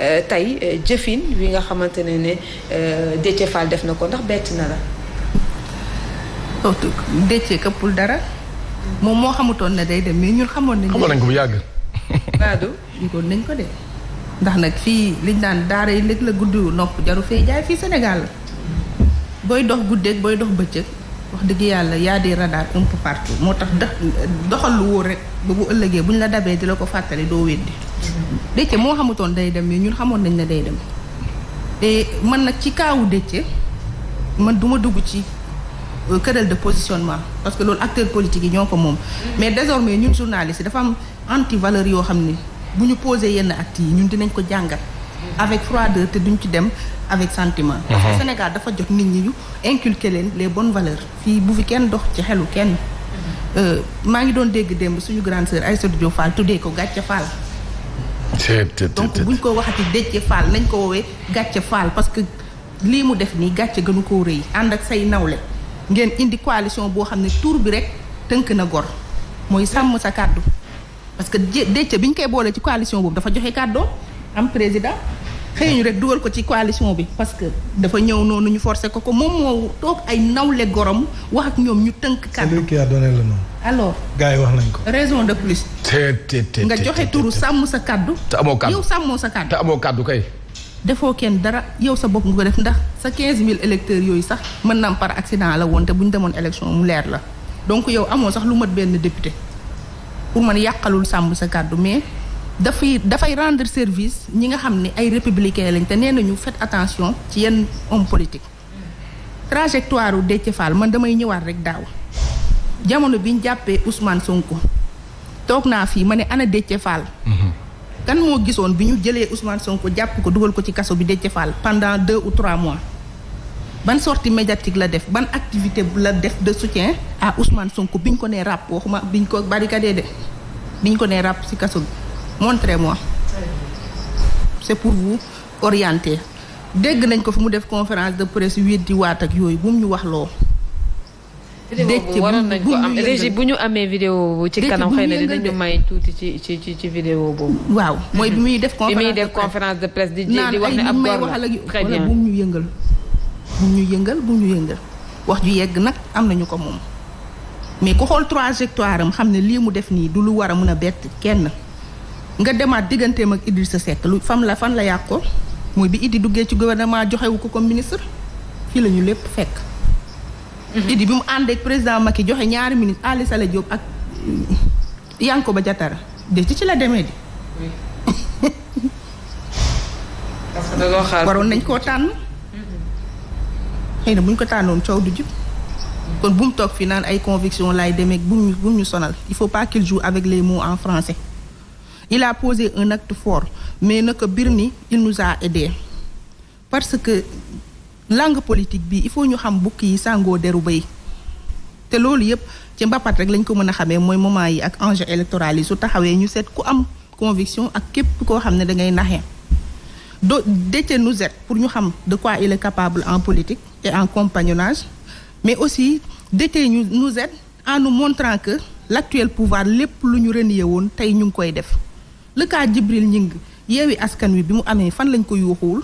Euh, tey euh, jëfin wi nga xamante ne ne euh, Déthié Fall def na ko ndax bett na la. surtout Déthié këppul dara. moom moo xamutoon ne day dem mais ñun xamoon nañu. xamoon nañ ko bu yàgg. Badou. yëgoon nañ ko de ndax nag fii liñ naan daara yi léeg la guddiwu nopp jaru fee jaay fii senegal la. booy dox guddeeg booy dox bëccëg wax dëgg yàlla yaa di radar un peu partout moo tax doxal lu wóor rek ba bu ëllëgee bu ñu la dabee di la ko fàttali doo weddi. Déthié moo xamutoon day dem mais ñun xamoon nañ ne day dem te man nag ci kaawu Déthié man duma dugg ci euh, querelle de positionnement parce que loolu acteur politique yi ñoo ko moom mais désormais ñun journalistes yi dafa am anti valeur yoo xam ne bu ñu posé yenn actes yi ñun dinañ ko jàngat avec froideur te duñ ci dem avec sentiment mhm. parce que Sénégal dafa jot nit ñi ñu inculquer leen les bonnes valeurs fii bu fi kenn dox ci xelu kenn euh, maa ngi doon dégg démb suñu grande sœur Aïssatou Diop tuddee ko gàcce Fall donc buñ ko waxati Déthié Fall nañ ko woowee gàcce Fall parce que lii mu def nii gàcce gënu koo rëy ànd ak say nawle ngeen indi coalition boo xam ne tuur bi rek tënk na gor mooy sàmm sa kàddu parce que Déthié bi ñu koy boolee ci coalition boobu dafa joxe kàddoo am président ñu rek dugal ko ci coalition bi parce que dafa ñëw noonu ñu forcé ko ko moom moo toog ay nawle gorom wax ak ñoom ñu tënk kàddu. c'est lui qui a donné le yi wax nañ ko. raison de plus. nga joxe turu sàmm sa kàddu. te amoo kàddu yow sàmmoo sa kàddu. te amoo kàddu kay. defoo kenn dara yow sa bopp mu ko def ndax sa quinze mille électeurs yooyu sax mën na par accident la woon te bu ñu demoon élection mu leer la donc yow amoo sax lu mat benn député pour man yàqalul sàmm sa kàddu mais. dafay dafay rendre service ñi nga xam ne ay républicain lañ te nee nañu faites attention ci yenn homme politique trajectoire u Déthié Fall man damay ñëwaat rek daaw jamono bi ñu jàppee Ousmane Sonko toog naa fii ma ne ana Déthié Fall mhm. kan moo gisoon bi ñu jëlee Ousmane Sonko jàpp ko dugal ko ci kaso bi Déthié Fall pendant deux ou trois mois ban sortie médiatique la def ban activité la def de soutien à Ousmane Sonko bi ñu ko nee ràpp waxuma bi ñu ko barricadé de bi ñu ko nee ràpp ci kaso bi montrez-moi c'est pour vous orienter dégg nañ ko fi mu def conférence de presse weddi waat ak yooyu bu mu ñu wax loo. dëcc waroon nañ ko am régie bu ñu amee vidéo bu ci kanam xëy na dinañu may tuuti ci ci ci ci vidéo boobu. waaw mooy bi muy def. conférence de presse di di wax ne ab góor la très bien bu mu ñu yëngal. bu mu ñu yëngal bu mu ñu wax ju yegg nag am nañu ko moom mais ku xool trajectoire am xam ne lii mu def nii du lu war a mën a bett kenn. nga demaat digganteem ak sa set lu fam la fan la yàq mooy bi Idi duggee ci gouvernement joxewu ko comme ministre fii la ñu lépp fekk. Mhm. Idi bi mu ànd ak président Macky joxe ñaari ministre Aly Saleh Diop ak Yankoba Diattara de ci ci la demee di. waroon nañ koo tànn. xëy na buñ ñu ko tànnoon coow du jub. kon bu mu toog fii naan ay conviction laay demee bu mu ñu sonal il faut pas qu'il joue avec les mots en français. il a posé un acte fort mais naka bir ni il nous a aidé parce que langue politique bi il faut ñu xam bukk yi sàngoo deru bay te loolu yëpp ci mbappat rek lañ ko mën a xamee mooy moment yi ak enjeu électoral yi su taxawee ñu seet ku am conviction ak képp koo xam ne da ngay naxee do Déthié nous aide pour ñu xam de quoi il est capable en politique et en compagnonnage mais aussi Déthié ñu nous aide en nous montrant que l'actuel pouvoir lépp lu ñu renier woon tey ñu ngi koy def le cas Djibril Gning yeewi askan wi bi mu amee fan lañ ko yuuxuwul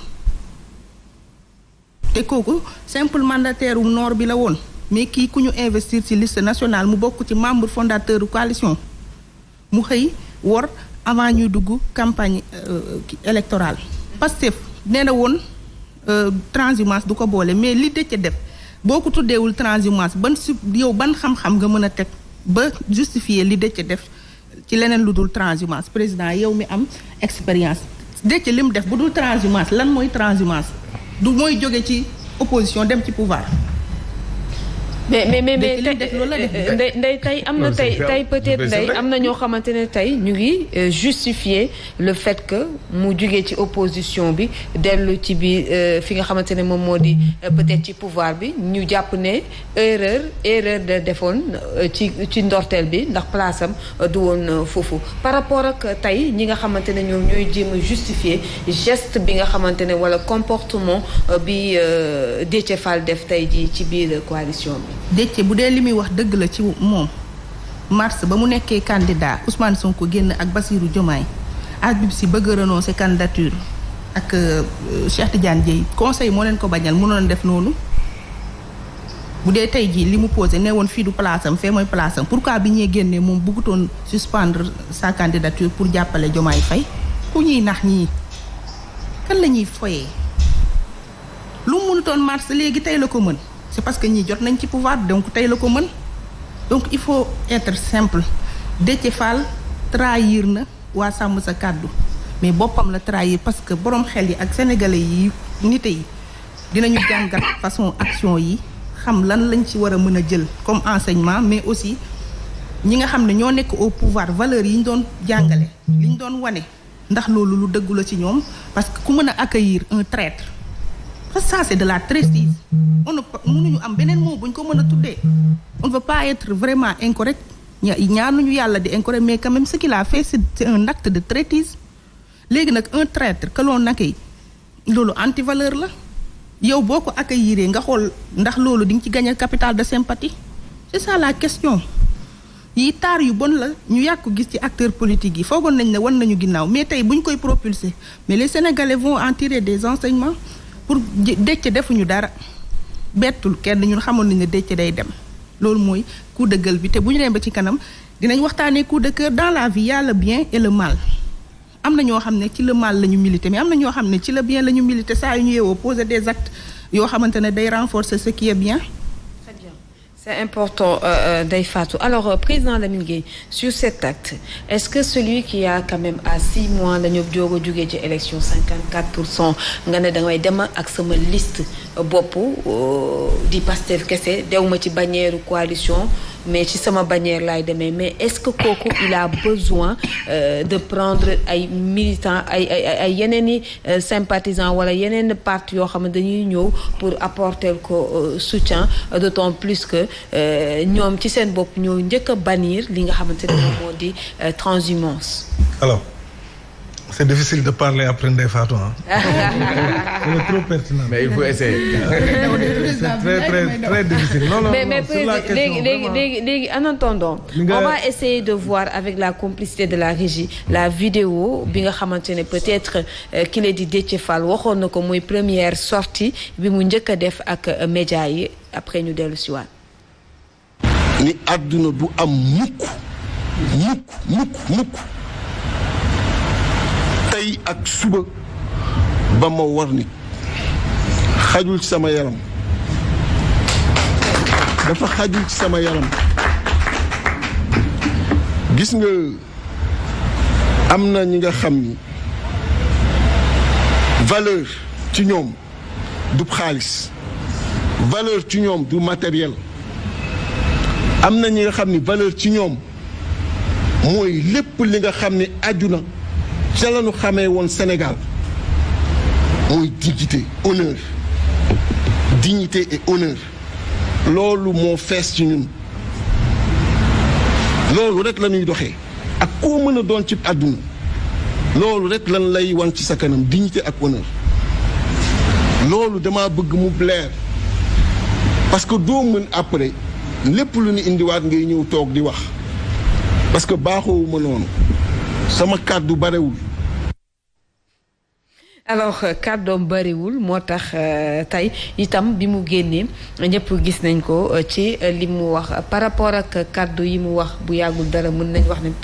te kooku simple mandataire wu noor bi la woon mais kii ku ñu investir ci liste nationale mu bokk ci membre fondateur coalition mu xëy wor avant ñuy dugg campagne euh, électorale Pastef nee na woon euh, transhumance du ko boole mais li dëcc def boo ko tuddeewul transhumance ban su yow ban xam-xam nga mën a teg ba justifier li dëcc def ci leneen lu dul transhumance président yow mi am expérience Déthié li mu def bu dul transhumance lan mooy transhumance du mooy jóge ci opposition dem ci pouvoir mais mais mais mais ndey tey am na tey tey peut-être ndey am na ñoo xamante ne tey ñu ngi euh, justifier le fait que mu jugee ci opposition bi dellu ci bi euh, fi nga xamante ne moom moo di euh, peut ci pouvoir bi ñu jàpp ne erreur erreur de defoon ci ci ndorteel bi ndax place am du woon foofu par rapport ak tey ñi nga xamante ne ñoom ñooy jéem a justifier geste bi nga xamante ne walla comportement bi Déthié Fall def tey ji ci biir coalition bi Déthié bu dee li muy wax dëgg la ci moom mars ba mu nekkee candidat Ousmane Sonko génn ak basiiru Diomaye Habib Sy bëgg a renoncer candidature ak euh, Cheikh Tidiane Dièye conseil moo leen ko bañal mënoon def noonu bu dee tey jii li mu posé nee woon fii du place am fee mooy place am pourquoi bi ñuy génnee moom bëggutoon suspendre sa candidature pour jàppale jomaay Faye ku ñuy nax ñii kan la ñuy foyee lu mu mënutoon mars léegi tey la ko mën. c'est parce que ñii jot nañ ci pouvoir donc tey la ko mën donc il faut être simple Déthié Fall trahir na waa sàmm sa kàddu mais boppam la trahir parce que borom xel yi ak sénégalais yi nite yi dinañu jàngat façon action yi xam lan lañ ci war a mën a jël comme enseignement mais aussi ñi nga xam ne ñoo nekk au pouvoir valeurs yi ñu doon jàngale li ñu doon wane ndax loolu lu dëggu la ci ñoom parce que ku mën a accueillir un traître parce que ça c'est de la traîtrise on ne mënuñu am beneen mot buñ ko mën a tuddee on ne veut pas être vraiment incorrect ñaanuñu yàlla di incorrect mais quand même ce qu'il a fait c'est un acte de traîtrise léegi nag un traître que l'on accueille loolu antivaleur la yow boo ko ak accueillir nga xool ndax loolu di nga ci gagner capital de sympathie c'est ça la question yi taar yu bon la ñu yàgg ko gis ci acteur politique yi foogoon nañ ne wan nañu ginnaaw mais tey bu koy propulser mais les Sénégalais vont en tirer des enseignements pour Déthié defuñu dara bettul kenn ñun xamoon nañ ne Déthié day dem loolu mooy coup de bi te bu ñu dem ba ci kanam dinañ waxtaane coup de cœur dans la vie y bien et le mal am na ñoo xam ne ci le mal la ñu militer mais am na ñoo xam ne ci la bien la ñu militer saa yu ñu yeewoo poser des actes yoo xamante ne day renforcer ce qui bien. C'est important, euh, euh Daifatou. Alors, euh, président Lamine Gueye, sur cet acte, est-ce que celui qui a quand même à six mois la ñu jóge ci élection 54 pour cent nga ne dangay dem ak sama liste bopp euh, di Pastef kese dew ma ci bannière coalition mais ci sama bannière laay demee mais est-ce que kooku il a besoin euh, de prendre ay militants ay ay yeneen i euh, sympathisants wala yeneen parti yoo xam ne dañuy ñëw pour apporter ko soutien d'autant plus que ñoom ci seen bopp ñoo njëkk a bannir li nga xamante ne moo di transhumance alors C'est difficile de parler après Ndeye Fatou. Elle essayer. de voir avec la complicité de la régie la vidéo bi nga xamante ne peut-être euh, ki la di Déthié waxoon na ko muy première sortie bi mu njëkk a def ak euh, média yi après ñu dellu si ni àdduna du am mukk mukk mukk ak suba ba ma war nit xajul ci sama yaram dafa xajul ci sama yaram gis nga am na ñi nga xam ni valeur ci ñoom du xaalis valeur ci ñoom du matériel am na ñi nga xam ni valeur ci ñoom mooy lépp li nga xam ni aju ca la ñu woon Sénégal mooy dignité honneur dignité et honneur loolu moo fees ci ñun loolu rekk la ñuy doxee ak koo mën a doon cib àdduna loolu rekk lan lay wan ci sa kanam dignité ak honneur loolu dama bëgg mu leer parce que doo mën après lépp lu ñu indiwaat ngay ñëw toog di wax parce que baaxoowu ma sama kàddu barewul alors euh, kàddoom bariwul moo tax euh, tey itam bi mu génnee ñëpp gis nañ ko euh, ci li mu wax par rapport ak kàddu yi mu wax bu yàggul dara mën nañ wax ne